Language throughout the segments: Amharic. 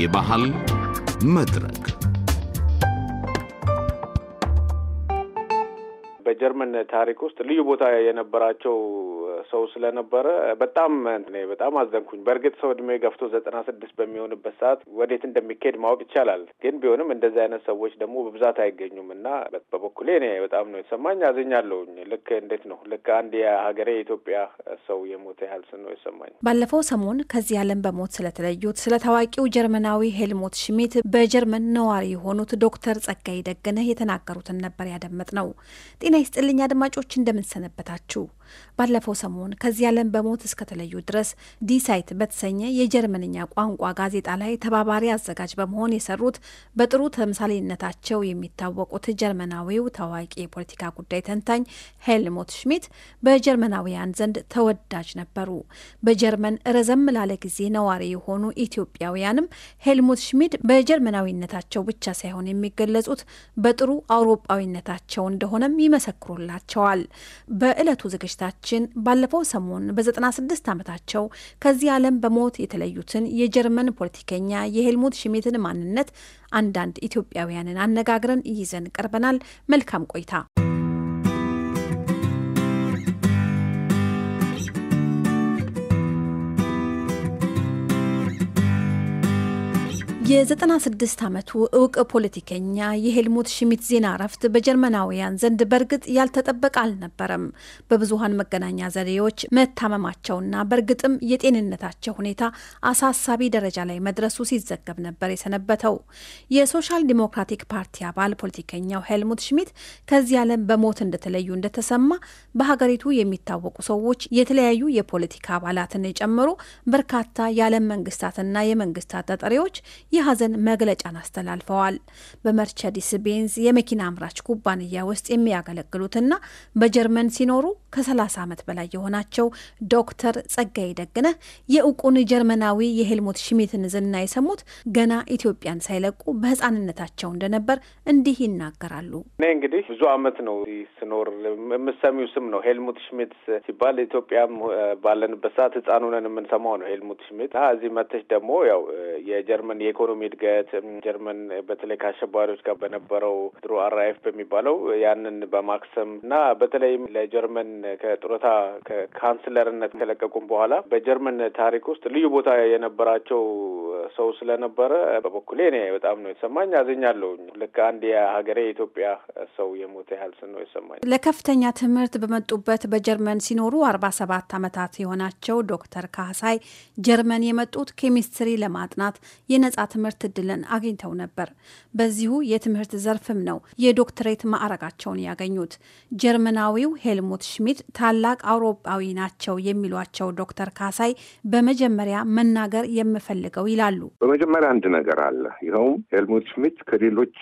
የባህል መድረክ በጀርመን ታሪክ ውስጥ ልዩ ቦታ የነበራቸው ሰው ስለነበረ በጣም እኔ በጣም አዘንኩኝ። በእርግጥ ሰው እድሜ ገፍቶ ዘጠና ስድስት በሚሆንበት ሰዓት ወዴት እንደሚካሄድ ማወቅ ይቻላል። ግን ቢሆንም እንደዚህ አይነት ሰዎች ደግሞ በብዛት አይገኙም እና በበኩሌ እኔ በጣም ነው የተሰማኝ። አዝኛለሁኝ። ልክ እንዴት ነው ልክ አንድ የሀገሬ የኢትዮጵያ ሰው የሞተ ያህል ስን ነው የሰማኝ። ባለፈው ሰሞን ከዚህ ዓለም በሞት ስለተለዩት ስለ ታዋቂው ጀርመናዊ ሄልሞት ሽሚት በጀርመን ነዋሪ የሆኑት ዶክተር ጸጋይ ደገነህ የተናገሩትን ነበር ያደመጥ ነው። ጤና ይስጥልኝ አድማጮች እንደምንሰነበታችሁ ባለፈው ሰሞን ከዚህ ዓለም በሞት እስከተለዩ ድረስ ዲሳይት በተሰኘ የጀርመንኛ ቋንቋ ጋዜጣ ላይ ተባባሪ አዘጋጅ በመሆን የሰሩት በጥሩ ተምሳሌነታቸው የሚታወቁት ጀርመናዊው ታዋቂ የፖለቲካ ጉዳይ ተንታኝ ሄልሙት ሽሚት በጀርመናውያን ዘንድ ተወዳጅ ነበሩ። በጀርመን ረዘም ላለ ጊዜ ነዋሪ የሆኑ ኢትዮጵያውያንም ሄልሙት ሽሚድ በጀርመናዊነታቸው ብቻ ሳይሆን የሚገለጹት በጥሩ አውሮጳዊነታቸው እንደሆነም ይመሰክሩላቸዋል። በዕለቱ ዝግጅት ዝግጅታችን ባለፈው ሰሞን በ96 ዓመታቸው ከዚህ ዓለም በሞት የተለዩትን የጀርመን ፖለቲከኛ የሄልሙት ሽሜትን ማንነት አንዳንድ ኢትዮጵያውያንን አነጋግረን ይዘን ቀርበናል። መልካም ቆይታ። የ96 ዓመቱ እውቅ ፖለቲከኛ የሄልሙት ሽሚት ዜና እረፍት በጀርመናውያን ዘንድ በእርግጥ ያልተጠበቀ አልነበረም። በብዙሀን መገናኛ ዘዴዎች መታመማቸውና በእርግጥም የጤንነታቸው ሁኔታ አሳሳቢ ደረጃ ላይ መድረሱ ሲዘገብ ነበር የሰነበተው። የሶሻል ዲሞክራቲክ ፓርቲ አባል ፖለቲከኛው ሄልሙት ሽሚት ከዚህ ዓለም በሞት እንደተለዩ እንደተሰማ በሀገሪቱ የሚታወቁ ሰዎች የተለያዩ የፖለቲካ አባላትን የጨምሩ በርካታ የዓለም መንግስታትና የመንግስታት ተጠሪዎች የሀዘን መግለጫን አስተላልፈዋል። በመርቸዲስ ቤንዝ የመኪና አምራች ኩባንያ ውስጥ የሚያገለግሉትና በጀርመን ሲኖሩ ከ30 ዓመት በላይ የሆናቸው ዶክተር ጸጋይ ደግነህ የእውቁን ጀርመናዊ የሄልሙት ሽሚትን ዝና የሰሙት ገና ኢትዮጵያን ሳይለቁ በህፃንነታቸው እንደነበር እንዲህ ይናገራሉ። እኔ እንግዲህ ብዙ አመት ነው ስኖር የምሰሚው ስም ነው ሄልሙት ሽሚት ሲባል ኢትዮጵያም ባለንበት ሰዓት ህፃኑነን የምንሰማው ነው ሄልሙት ሽሚት እዚህ መተሽ ደግሞ ያው የጀርመን የኢኮኖ የኢኮኖሚ እድገት ጀርመን በተለይ ከአሸባሪዎች ጋር በነበረው ድሮ አራይፍ በሚባለው ያንን በማክሰም እና በተለይም ለጀርመን ከጡረታ ከካንስለርነት ከለቀቁም በኋላ በጀርመን ታሪክ ውስጥ ልዩ ቦታ የነበራቸው ሰው ስለነበረ በበኩሌ እኔ በጣም ነው የተሰማኝ። አዝኛለሁኝ። ልክ አንድ የሀገሬ የኢትዮጵያ ሰው የሞተ ያህል ስን ነው የተሰማኝ። ለከፍተኛ ትምህርት በመጡበት በጀርመን ሲኖሩ አርባ ሰባት አመታት የሆናቸው ዶክተር ካህሳይ ጀርመን የመጡት ኬሚስትሪ ለማጥናት የነጻ የትምህርት እድልን አግኝተው ነበር። በዚሁ የትምህርት ዘርፍም ነው የዶክትሬት ማዕረጋቸውን ያገኙት። ጀርመናዊው ሄልሙት ሽሚት ታላቅ አውሮፓዊ ናቸው የሚሏቸው ዶክተር ካሳይ በመጀመሪያ መናገር የምፈልገው ይላሉ። በመጀመሪያ አንድ ነገር አለ። ይኸውም ሄልሙት ሽሚት ከሌሎች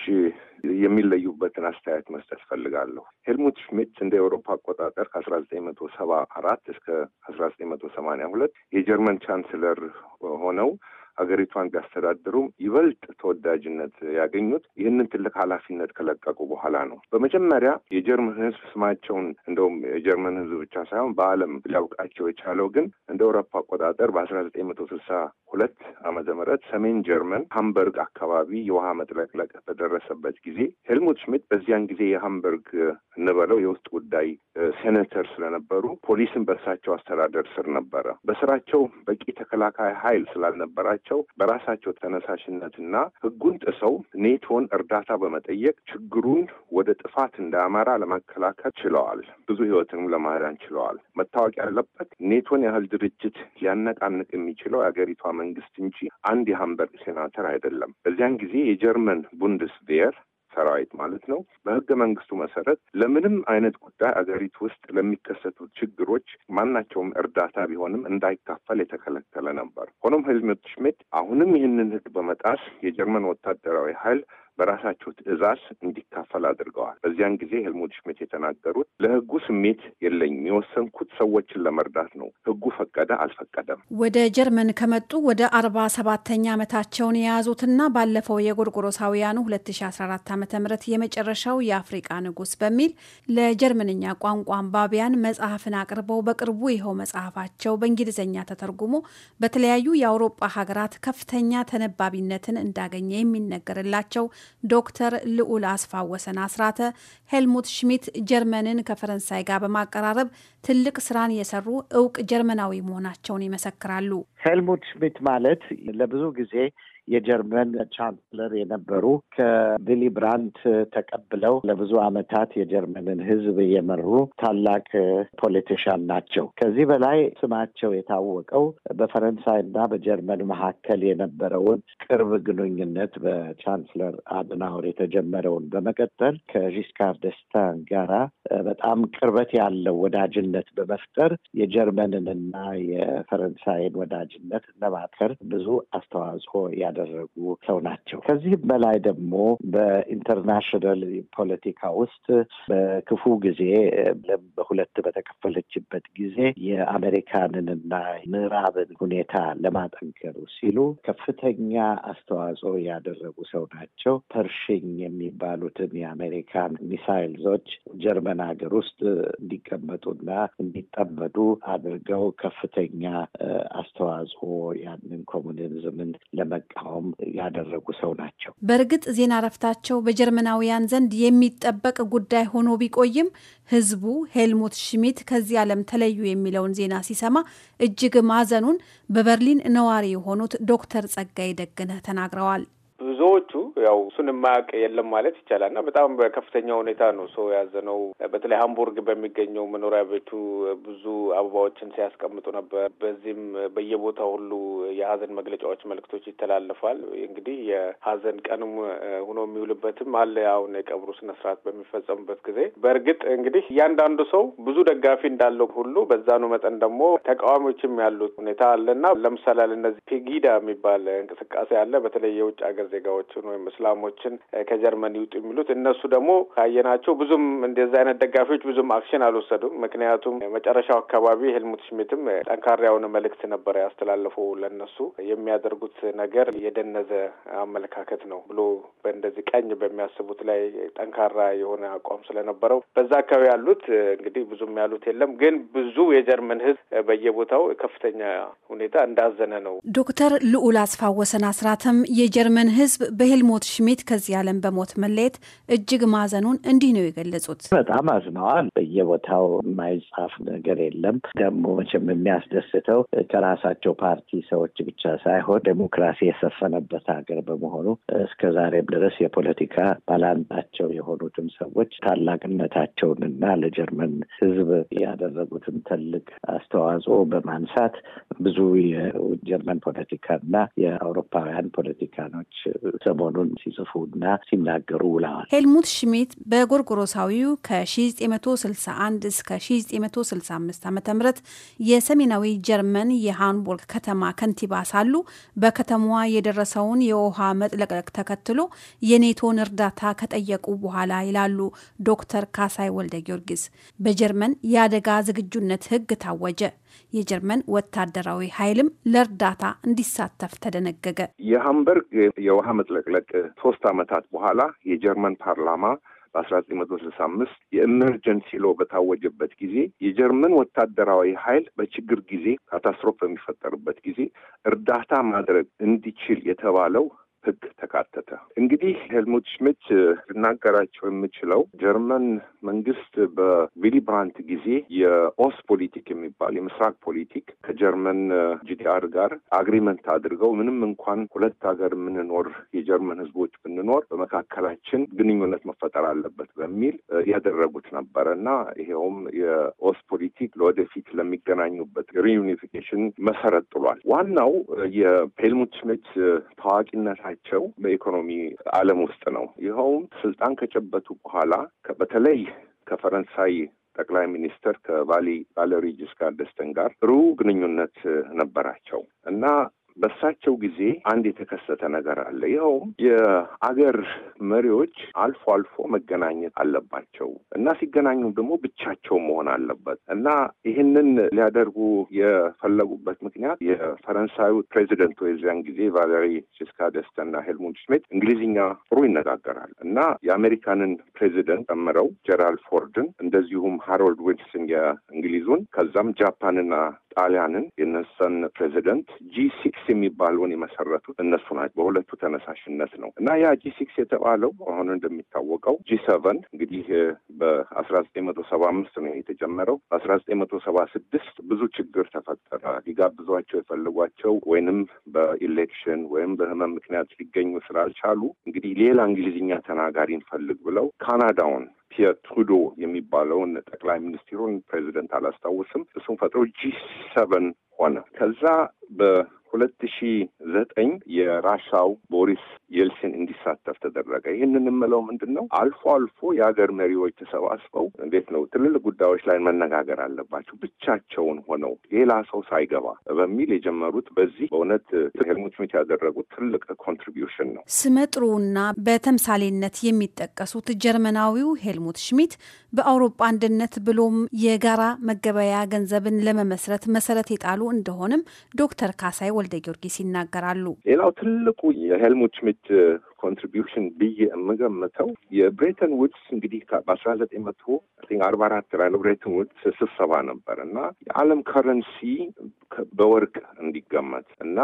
የሚለዩበትን አስተያየት መስጠት ፈልጋለሁ። ሄልሙት ሽሚት እንደ ኤውሮፓ አቆጣጠር ከአስራ ዘጠኝ መቶ ሰባ አራት እስከ አስራ ዘጠኝ መቶ ሰማኒያ ሁለት የጀርመን ቻንስለር ሆነው አገሪቷን ቢያስተዳድሩም ይበልጥ ተወዳጅነት ያገኙት ይህንን ትልቅ ኃላፊነት ከለቀቁ በኋላ ነው። በመጀመሪያ የጀርመን ሕዝብ ስማቸውን እንደውም የጀርመን ሕዝብ ብቻ ሳይሆን በዓለም ሊያውቃቸው የቻለው ግን እንደ አውሮፓ አቆጣጠር በአስራ ዘጠኝ መቶ ስልሳ ሁለት ዓመተ ምህረት ሰሜን ጀርመን ሃምበርግ አካባቢ የውሃ መጥለቅለቅ በደረሰበት ጊዜ ሄልሙት ሽሚት በዚያን ጊዜ የሃምበርግ እንበለው የውስጥ ጉዳይ ሴኔተር ስለነበሩ ፖሊስን በእሳቸው አስተዳደር ስር ነበረ። በስራቸው በቂ ተከላካይ ኃይል ስላልነበራቸው በራሳቸው በራሳቸው ተነሳሽነትና ህጉን ጥሰው ኔቶን እርዳታ በመጠየቅ ችግሩን ወደ ጥፋት እንዳያመራ ለመከላከል ችለዋል። ብዙ ህይወትንም ለማዳን ችለዋል። መታወቅ ያለበት ኔቶን ያህል ድርጅት ሊያነቃንቅ የሚችለው የአገሪቷ መንግስት እንጂ አንድ የሀምበርግ ሴናተር አይደለም። በዚያን ጊዜ የጀርመን ቡንደስቬር ሰራዊት ማለት ነው በህገ መንግስቱ መሰረት ለምንም አይነት ጉዳይ አገሪቱ ውስጥ ለሚከሰቱ ችግሮች ማናቸውም እርዳታ ቢሆንም እንዳይካፈል የተከለከለ ነበር። ሆኖም ሄልሙት ሽሚት አሁንም ይህንን ህግ በመጣስ የጀርመን ወታደራዊ ኃይል በራሳቸው ትዕዛዝ እንዲካፈል አድርገዋል። በዚያን ጊዜ ሄልሙት ሽሚት የተናገሩት ለህጉ ስሜት የለኝም፣ የወሰንኩት ሰዎችን ለመርዳት ነው። ህጉ ፈቀደ አልፈቀደም። ወደ ጀርመን ከመጡ ወደ አርባ ሰባተኛ ዓመታቸውን የያዙትና ባለፈው የጎርጎሮሳውያኑ ሁለት ሺ አስራ አራት ዓመተ የመጨረሻው የአፍሪቃ ንጉስ በሚል ለጀርመንኛ ቋንቋ አንባቢያን መጽሐፍን አቅርበው በቅርቡ ይኸው መጽሐፋቸው በእንግሊዝኛ ተተርጉሞ በተለያዩ የአውሮጳ ሀገራት ከፍተኛ ተነባቢነትን እንዳገኘ የሚነገርላቸው ዶክተር ልዑል አስፋወሰን አስራተ ሄልሙት ሽሚት ጀርመንን ከፈረንሳይ ጋር በማቀራረብ ትልቅ ስራን የሰሩ እውቅ ጀርመናዊ መሆናቸውን ይመሰክራሉ። ሄልሙት ሽሚት ማለት ለብዙ ጊዜ የጀርመን ቻንስለር የነበሩ ከቪሊ ብራንት ተቀብለው ለብዙ ዓመታት የጀርመንን ሕዝብ የመሩ ታላቅ ፖለቲሻን ናቸው። ከዚህ በላይ ስማቸው የታወቀው በፈረንሳይ እና በጀርመን መካከል የነበረውን ቅርብ ግንኙነት በቻንስለር አድናወር የተጀመረውን በመቀጠል ከጂስካር ደስታን ጋራ በጣም ቅርበት ያለው ወዳጅን ግንኙነት በመፍጠር የጀርመንንና የፈረንሳይን ወዳጅነት ለማከር ብዙ አስተዋጽኦ ያደረጉ ሰው ናቸው። ከዚህም በላይ ደግሞ በኢንተርናሽናል ፖለቲካ ውስጥ በክፉ ጊዜ በሁለት በተከፈለችበት ጊዜ የአሜሪካንንና ምዕራብን ሁኔታ ለማጠንከሩ ሲሉ ከፍተኛ አስተዋጽኦ ያደረጉ ሰው ናቸው። ፐርሽኝ የሚባሉትን የአሜሪካን ዞች ጀርመን ሀገር ውስጥ እንዲቀመጡና እንዲጠመዱ አድርገው ከፍተኛ አስተዋጽኦ ያንን ኮሙኒዝምን ለመቃወም ያደረጉ ሰው ናቸው። በእርግጥ ዜና እረፍታቸው በጀርመናውያን ዘንድ የሚጠበቅ ጉዳይ ሆኖ ቢቆይም ህዝቡ ሄልሙት ሽሚት ከዚህ ዓለም ተለዩ የሚለውን ዜና ሲሰማ እጅግ ማዘኑን በበርሊን ነዋሪ የሆኑት ዶክተር ጸጋይ ደግነህ ተናግረዋል። ብዙዎቹ ያው እሱን የማያውቅ የለም ማለት ይቻላል እና በጣም በከፍተኛ ሁኔታ ነው ሰው ያዘነው። በተለይ ሀምቡርግ በሚገኘው መኖሪያ ቤቱ ብዙ አበባዎችን ሲያስቀምጡ ነበር። በዚህም በየቦታው ሁሉ የሀዘን መግለጫዎች፣ መልእክቶች ይተላለፋል። እንግዲህ የሀዘን ቀንም ሆኖ የሚውልበትም አለ። አሁን የቀብሩ ስነ በሚፈጸሙበት ጊዜ በእርግጥ እንግዲህ እያንዳንዱ ሰው ብዙ ደጋፊ እንዳለው ሁሉ በዛኑ መጠን ደግሞ ተቃዋሚዎችም ያሉት ሁኔታ አለ እና ለምሳሌ እነዚህ ፔጊዳ የሚባል እንቅስቃሴ አለ በተለይ የውጭ ሀገር ዜጋዎችን ወይም እስላሞችን ከጀርመን ይውጡ የሚሉት እነሱ ደግሞ ካየናቸው ብዙም እንደዚ አይነት ደጋፊዎች ብዙም አክሽን አልወሰዱም። ምክንያቱም መጨረሻው አካባቢ ሄልሙት ሽሚትም ጠንካራ የሆነ መልእክት ነበረ ያስተላለፈው ለነሱ የሚያደርጉት ነገር የደነዘ አመለካከት ነው ብሎ በእንደዚህ ቀኝ በሚያስቡት ላይ ጠንካራ የሆነ አቋም ስለነበረው በዛ አካባቢ ያሉት እንግዲህ ብዙም ያሉት የለም። ግን ብዙ የጀርመን ህዝብ በየቦታው ከፍተኛ ሁኔታ እንዳዘነ ነው። ዶክተር ልዑል አስፋወሰን አስራትም የጀርመን ህዝብ በሄልሞት ሽሚት ከዚህ ዓለም በሞት መለየት እጅግ ማዘኑን እንዲህ ነው የገለጹት። በጣም አዝነዋል። በየቦታው የማይጻፍ ነገር የለም። ደግሞ መቼም የሚያስደስተው ከራሳቸው ፓርቲ ሰዎች ብቻ ሳይሆን ዴሞክራሲ የሰፈነበት ሀገር በመሆኑ እስከ ዛሬም ድረስ የፖለቲካ ባላንጣቸው የሆኑትም ሰዎች ታላቅነታቸውንና ለጀርመን ህዝብ ያደረጉትን ትልቅ አስተዋጽኦ በማንሳት ብዙ የጀርመን ፖለቲካ እና የአውሮፓውያን ፖለቲካኖች ሰሞኑን ሲጽፉና ሲናገሩ ውለዋል። ሄልሙት ሽሚት በጎርጎሮሳዊው ከ1961 እስከ 1965 ዓ ም የሰሜናዊ ጀርመን የሃንቡርግ ከተማ ከንቲባ ሳሉ በከተማዋ የደረሰውን የውሃ መጥለቅለቅ ተከትሎ የኔቶን እርዳታ ከጠየቁ በኋላ ይላሉ ዶክተር ካሳይ ወልደ ጊዮርጊስ በጀርመን የአደጋ ዝግጁነት ህግ ታወጀ። የጀርመን ወታደራዊ ኃይልም ለእርዳታ እንዲሳተፍ ተደነገገ። የሃምበርግ የውሃ መጥለቅለቅ ሶስት ዓመታት በኋላ የጀርመን ፓርላማ በ1965 የኢመርጀንሲ ሎ በታወጀበት ጊዜ የጀርመን ወታደራዊ ኃይል በችግር ጊዜ ካታስትሮፍ በሚፈጠርበት ጊዜ እርዳታ ማድረግ እንዲችል የተባለው ህግ ተካተተ። እንግዲህ ሄልሙት ሽሚት ልናገራቸው የምችለው ጀርመን መንግስት በቪሊ ብራንት ጊዜ የኦስ ፖሊቲክ የሚባል የምስራቅ ፖሊቲክ ከጀርመን ጂዲአር ጋር አግሪመንት አድርገው ምንም እንኳን ሁለት ሀገር የምንኖር የጀርመን ህዝቦች ብንኖር በመካከላችን ግንኙነት መፈጠር አለበት በሚል ያደረጉት ነበረ እና ይሄውም የኦስ ፖሊቲክ ለወደፊት ለሚገናኙበት ሪዩኒፊኬሽን መሰረት ጥሏል። ዋናው የሄልሙት ሽሚት ታዋቂነት መሰረታቸው በኢኮኖሚ ዓለም ውስጥ ነው። ይኸውም ስልጣን ከጨበቱ በኋላ በተለይ ከፈረንሳይ ጠቅላይ ሚኒስትር ከባሊ ቫሌሪ ጅስካር ደስተን ጋር ጥሩ ግንኙነት ነበራቸው እና በሳቸው ጊዜ አንድ የተከሰተ ነገር አለ። ይኸውም የአገር መሪዎች አልፎ አልፎ መገናኘት አለባቸው እና ሲገናኙ ደግሞ ብቻቸው መሆን አለበት እና ይህንን ሊያደርጉ የፈለጉበት ምክንያት የፈረንሳዩ ፕሬዚደንቱ የዚያን ጊዜ ቫለሪ ሲስካ ደስተ እና ሄልሙንድ ሽሜት እንግሊዝኛ ጥሩ ይነጋገራል እና የአሜሪካንን ፕሬዚደንት ጨምረው ጀራልድ ፎርድን እንደዚሁም ሃሮልድ ዊልስን የእንግሊዙን ከዛም ጃፓንና ጣሊያንን የነሰን ፕሬዚደንት ጂ ሲክስ የሚባለውን የመሰረቱት እነሱ ናቸው። በሁለቱ ተነሳሽነት ነው እና ያ ጂ ሲክስ የተባለው አሁን እንደሚታወቀው ጂ ሰቨን እንግዲህ በአስራ ዘጠኝ መቶ ሰባ አምስት ነው የተጀመረው። በአስራ ዘጠኝ መቶ ሰባ ስድስት ብዙ ችግር ተፈጠረ። ሊጋብዟቸው የፈልጓቸው ወይንም በኢሌክሽን ወይም በህመም ምክንያት ሊገኙ ስላልቻሉ እንግዲህ ሌላ እንግሊዝኛ ተናጋሪ ፈልግ ብለው ካናዳውን ፒየር ትሩዶ የሚባለውን ጠቅላይ ሚኒስትሩን ፕሬዚደንት አላስታውስም፣ እሱም ፈጥሮ ጂ ሰቨን ሆነ። ከዛ በ ሁለት ሺ ዘጠኝ የራሻው ቦሪስ የልሲን እንዲሳተፍ ተደረገ። ይህንን የምለው ምንድን ነው፣ አልፎ አልፎ የሀገር መሪዎች ተሰባስበው እንዴት ነው ትልልቅ ጉዳዮች ላይ መነጋገር አለባቸው ብቻቸውን ሆነው ሌላ ሰው ሳይገባ በሚል የጀመሩት በዚህ በእውነት ሄልሙት ሚት ያደረጉት ትልቅ ኮንትሪቢዩሽን ነው። ስመጥሩና በተምሳሌነት የሚጠቀሱት ጀርመናዊው ሄልሙት ሽሚት በአውሮፓ አንድነት ብሎም የጋራ መገበያያ ገንዘብን ለመመስረት መሰረት የጣሉ እንደሆንም ዶክተር ካሳይ ወልደ ጊዮርጊስ ይናገራሉ። ሌላው ትልቁ የህልሙ ችምች ኮንትሪቢሽን ብዬ የምገምተው የብሬተን ውድስ እንግዲህ በአስራ ዘጠኝ መቶ አርባ አራት ላይ ብሬተን ውድስ ስብሰባ ነበር እና የዓለም ከረንሲ በወርቅ እንዲገመት እና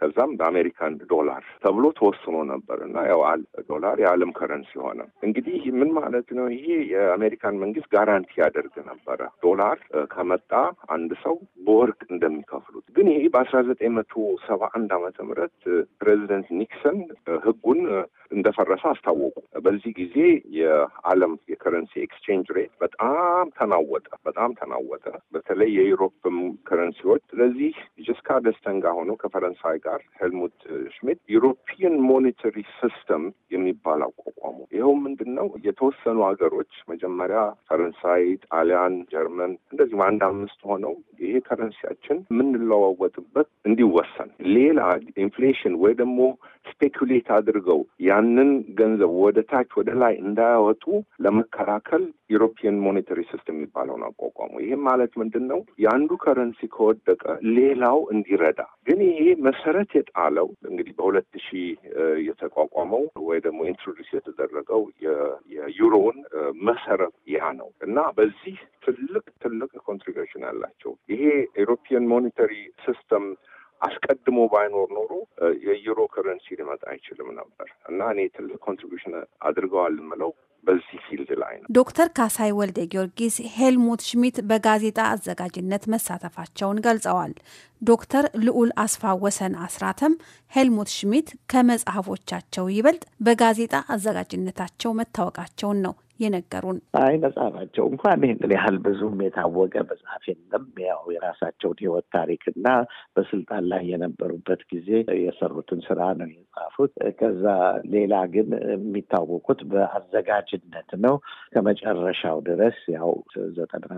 ከዛም በአሜሪካን ዶላር ተብሎ ተወስኖ ነበር እና ያው ዶላር የዓለም ከረንሲ ሆነ። እንግዲህ ምን ማለት ነው? ይሄ የአሜሪካን መንግስት ጋራንቲ ያደርግ ነበረ ዶላር ከመጣ አንድ ሰው በወርቅ እንደሚከፍሉት። ግን ይሄ በአስራ ዘጠኝ መቶ ሰባ አንድ ዓመተ ምህረት ፕሬዚደንት ኒክሰን Äh, Hübgunde እንደፈረሰ አስታወቁ። በዚህ ጊዜ የዓለም የከረንሲ ኤክስቼንጅ ሬት በጣም ተናወጠ፣ በጣም ተናወጠ። በተለይ የዩሮፕም ከረንሲዎች። ስለዚህ ጅስካ ደስተንጋ ሆኖ ከፈረንሳይ ጋር ሄልሙት ሽሚት ዩሮፒየን ሞኔተሪ ሲስተም የሚባል አቋቋሙ። ይኸው ምንድን ነው የተወሰኑ ሀገሮች መጀመሪያ ፈረንሳይ፣ ጣሊያን፣ ጀርመን እንደዚህ አንድ አምስት ሆነው ይሄ ከረንሲያችን የምንለዋወጥበት እንዲወሰን ሌላ ኢንፍሌሽን ወይ ደግሞ ስፔኩሌት አድርገው ያ ያንን ገንዘብ ወደ ታች ወደ ላይ እንዳያወጡ ለመከላከል ዩሮፒየን ሞኔተሪ ሲስተም የሚባለውን አቋቋሙ። ይህም ማለት ምንድን ነው? የአንዱ ከረንሲ ከወደቀ ሌላው እንዲረዳ። ግን ይሄ መሰረት የጣለው እንግዲህ በሁለት ሺህ የተቋቋመው ወይ ደግሞ ኢንትሮዲስ የተደረገው የዩሮውን መሰረት ያ ነው እና በዚህ ትልቅ ትልቅ ኮንትሪቢሽን አላቸው። ይሄ ዩሮፒያን ሞኔተሪ ሲስተም አስቀድሞ ባይኖር ኖሮ የዩሮ ከረንሲ ሊመጣ አይችልም ነበር እና እኔ ትልቅ ኮንትሪቢሽን አድርገዋል የምለው በዚህ ፊልድ ላይ ነው። ዶክተር ካሳይ ወልደ ጊዮርጊስ ሄልሙት ሽሚት በጋዜጣ አዘጋጅነት መሳተፋቸውን ገልጸዋል። ዶክተር ልዑል አስፋ ወሰን አስራተም ሄልሙት ሽሚት ከመጽሐፎቻቸው ይበልጥ በጋዜጣ አዘጋጅነታቸው መታወቃቸውን ነው የነገሩን። አይ መጽሐፋቸው እንኳን ይህን ያህል ብዙም የታወቀ መጽሐፍ የለም። ያው የራሳቸውን ህይወት ታሪክና በስልጣን ላይ የነበሩበት ጊዜ የሰሩትን ስራ ነው የጻፉት። ከዛ ሌላ ግን የሚታወቁት በአዘጋጅነት ነው። ከመጨረሻው ድረስ ያው ዘጠና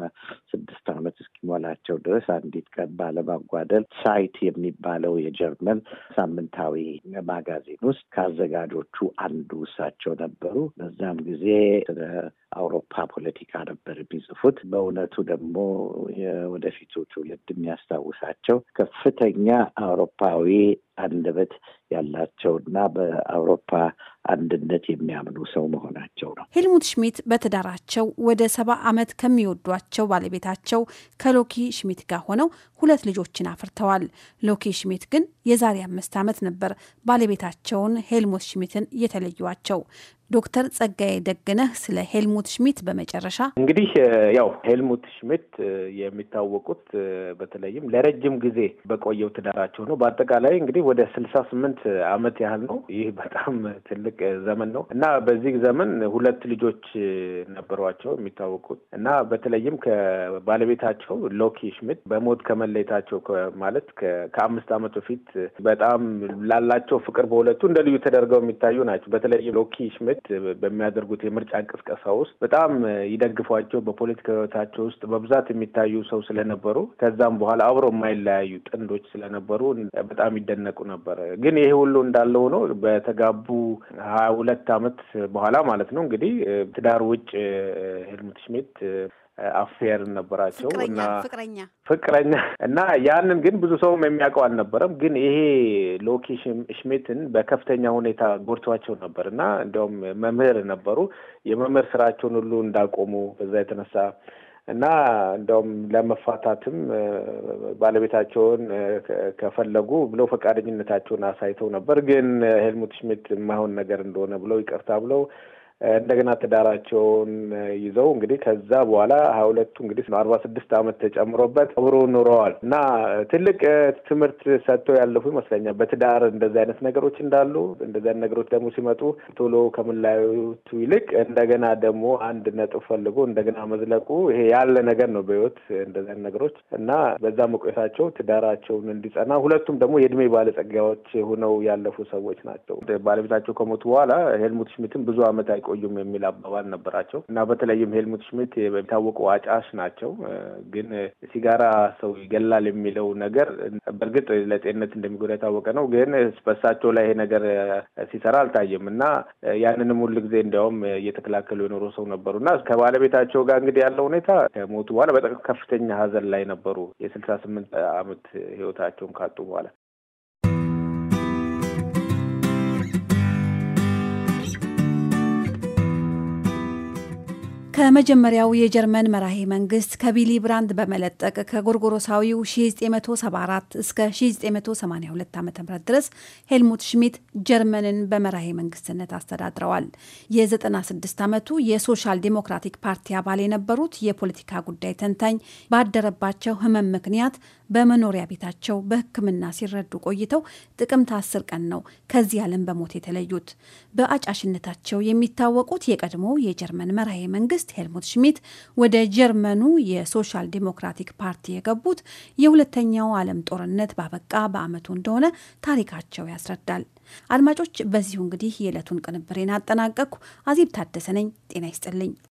ስድስት ዓመት እስከመዋላቸው ድረስ አንዲት ቀን ባለማጓደል ሳይት የሚባለው የጀርመን ሳምንታዊ ማጋዚን ውስጥ ከአዘጋጆቹ አንዱ እሳቸው ነበሩ። በዛም ጊዜ ስለ አውሮፓ ፖለቲካ ነበር የሚጽፉት። በእውነቱ ደግሞ ወደፊቱ ትውልድ የሚያስታውሳቸው ከፍተኛ አውሮፓዊ አንደበት ያላቸውና በአውሮፓ አንድነት የሚያምኑ ሰው መሆናቸው ነው። ሄልሙት ሽሚት በትዳራቸው ወደ ሰባ ዓመት ከሚወዷቸው ባለቤታቸው ከሎኪ ሽሚት ጋር ሆነው ሁለት ልጆችን አፍርተዋል። ሎኪ ሽሚት ግን የዛሬ አምስት ዓመት ነበር ባለቤታቸውን ሄልሙት ሽሚትን የተለዩቸው። ዶክተር ጸጋዬ ደግነህ ስለ ሄልሙት ሽሚት በመጨረሻ እንግዲህ ያው ሄልሙት ሽሚት የሚታወቁት በተለይም ለረጅም ጊዜ በቆየው ትዳራቸው ነው። በአጠቃላይ እንግዲህ ወደ ስልሳ ስምንት አመት ያህል ነው። ይህ በጣም ትልቅ ዘመን ነው እና በዚህ ዘመን ሁለት ልጆች ነበሯቸው የሚታወቁት እና በተለይም ከባለቤታቸው ሎኪ ሽሚት በሞት ከመለየታቸው ማለት ከአምስት ዓመት በፊት በጣም ላላቸው ፍቅር በሁለቱ እንደ ልዩ ተደርገው የሚታዩ ናቸው። በተለይም ሎኪ ሽሚት ሂደት በሚያደርጉት የምርጫ እንቅስቀሳ ውስጥ በጣም ይደግፏቸው በፖለቲካ ህይወታቸው ውስጥ በብዛት የሚታዩ ሰው ስለነበሩ ከዛም በኋላ አብሮ የማይለያዩ ጥንዶች ስለነበሩ በጣም ይደነቁ ነበር። ግን ይሄ ሁሉ እንዳለ ሆኖ በተጋቡ ሀያ ሁለት አመት በኋላ ማለት ነው እንግዲህ ትዳር ውጭ ሄልሙት ሽሚት አፌር ነበራቸው እና ፍቅረኛ እና ያንን ግን ብዙ ሰውም የሚያውቀው አልነበረም። ግን ይሄ ሎኪ ሽሚትን በከፍተኛ ሁኔታ ጎድቷቸው ነበር እና እንዲያውም መምህር ነበሩ። የመምህር ስራቸውን ሁሉ እንዳቆሙ በዛ የተነሳ እና እንደውም ለመፋታትም ባለቤታቸውን ከፈለጉ ብለው ፈቃደኝነታቸውን አሳይተው ነበር። ግን ሄልሙት ሽሚት የማይሆን ነገር እንደሆነ ብለው ይቅርታ ብለው እንደገና ትዳራቸውን ይዘው እንግዲህ ከዛ በኋላ ሀያ ሁለቱ እንግዲህ አርባ ስድስት ዓመት ተጨምሮበት አብሮ ኑረዋል እና ትልቅ ትምህርት ሰጥተው ያለፉ ይመስለኛል። በትዳር እንደዚህ አይነት ነገሮች እንዳሉ እንደዚህ አይነት ነገሮች ደግሞ ሲመጡ ቶሎ ከምላዩቱ ይልቅ እንደገና ደግሞ አንድ ነጥብ ፈልጎ እንደገና መዝለቁ ይሄ ያለ ነገር ነው በህይወት እንደዚህ አይነት ነገሮች እና በዛ መቆየታቸው ትዳራቸውን እንዲጸና ሁለቱም ደግሞ የእድሜ ባለጸጋዎች ሆነው ያለፉ ሰዎች ናቸው። ባለቤታቸው ከሞቱ በኋላ ሄልሙት ሽሚትም ብዙ አመት አይቆዩም የሚል አባባል ነበራቸው እና በተለይም ሄልሙት ሽሚት የሚታወቁ አጫሽ ናቸው። ግን ሲጋራ ሰው ይገላል የሚለው ነገር በእርግጥ ለጤንነት እንደሚጎዳ የታወቀ ነው። ግን በሳቸው ላይ ይሄ ነገር ሲሰራ አልታየም እና ያንንም ሁሉ ጊዜ እንዲያውም እየተከላከሉ የኖሩ ሰው ነበሩ እና ከባለቤታቸው ጋር እንግዲህ ያለው ሁኔታ ከሞቱ በኋላ በጣም ከፍተኛ ሀዘን ላይ ነበሩ። የስልሳ ስምንት አመት ህይወታቸውን ካጡ በኋላ ከመጀመሪያው የጀርመን መራሄ መንግስት ከቢሊ ብራንድ በመለጠቅ ከጎርጎሮሳዊው 1974 እስከ 1982 ዓ ም ድረስ ሄልሙት ሽሚት ጀርመንን በመራሄ መንግስትነት አስተዳድረዋል። የ96 ዓመቱ የሶሻል ዲሞክራቲክ ፓርቲ አባል የነበሩት የፖለቲካ ጉዳይ ተንታኝ ባደረባቸው ህመም ምክንያት በመኖሪያ ቤታቸው በሕክምና ሲረዱ ቆይተው ጥቅምት አስር ቀን ነው ከዚህ ዓለም በሞት የተለዩት። በአጫሽነታቸው የሚታወቁት የቀድሞ የጀርመን መራሄ መንግስት መንግስት ሄልሙት ሽሚት ወደ ጀርመኑ የሶሻል ዲሞክራቲክ ፓርቲ የገቡት የሁለተኛው ዓለም ጦርነት ባበቃ በአመቱ እንደሆነ ታሪካቸው ያስረዳል። አድማጮች፣ በዚሁ እንግዲህ የዕለቱን ቅንብሬን አጠናቀቅኩ። አዜብ ታደሰ ነኝ። ጤና ይስጥልኝ።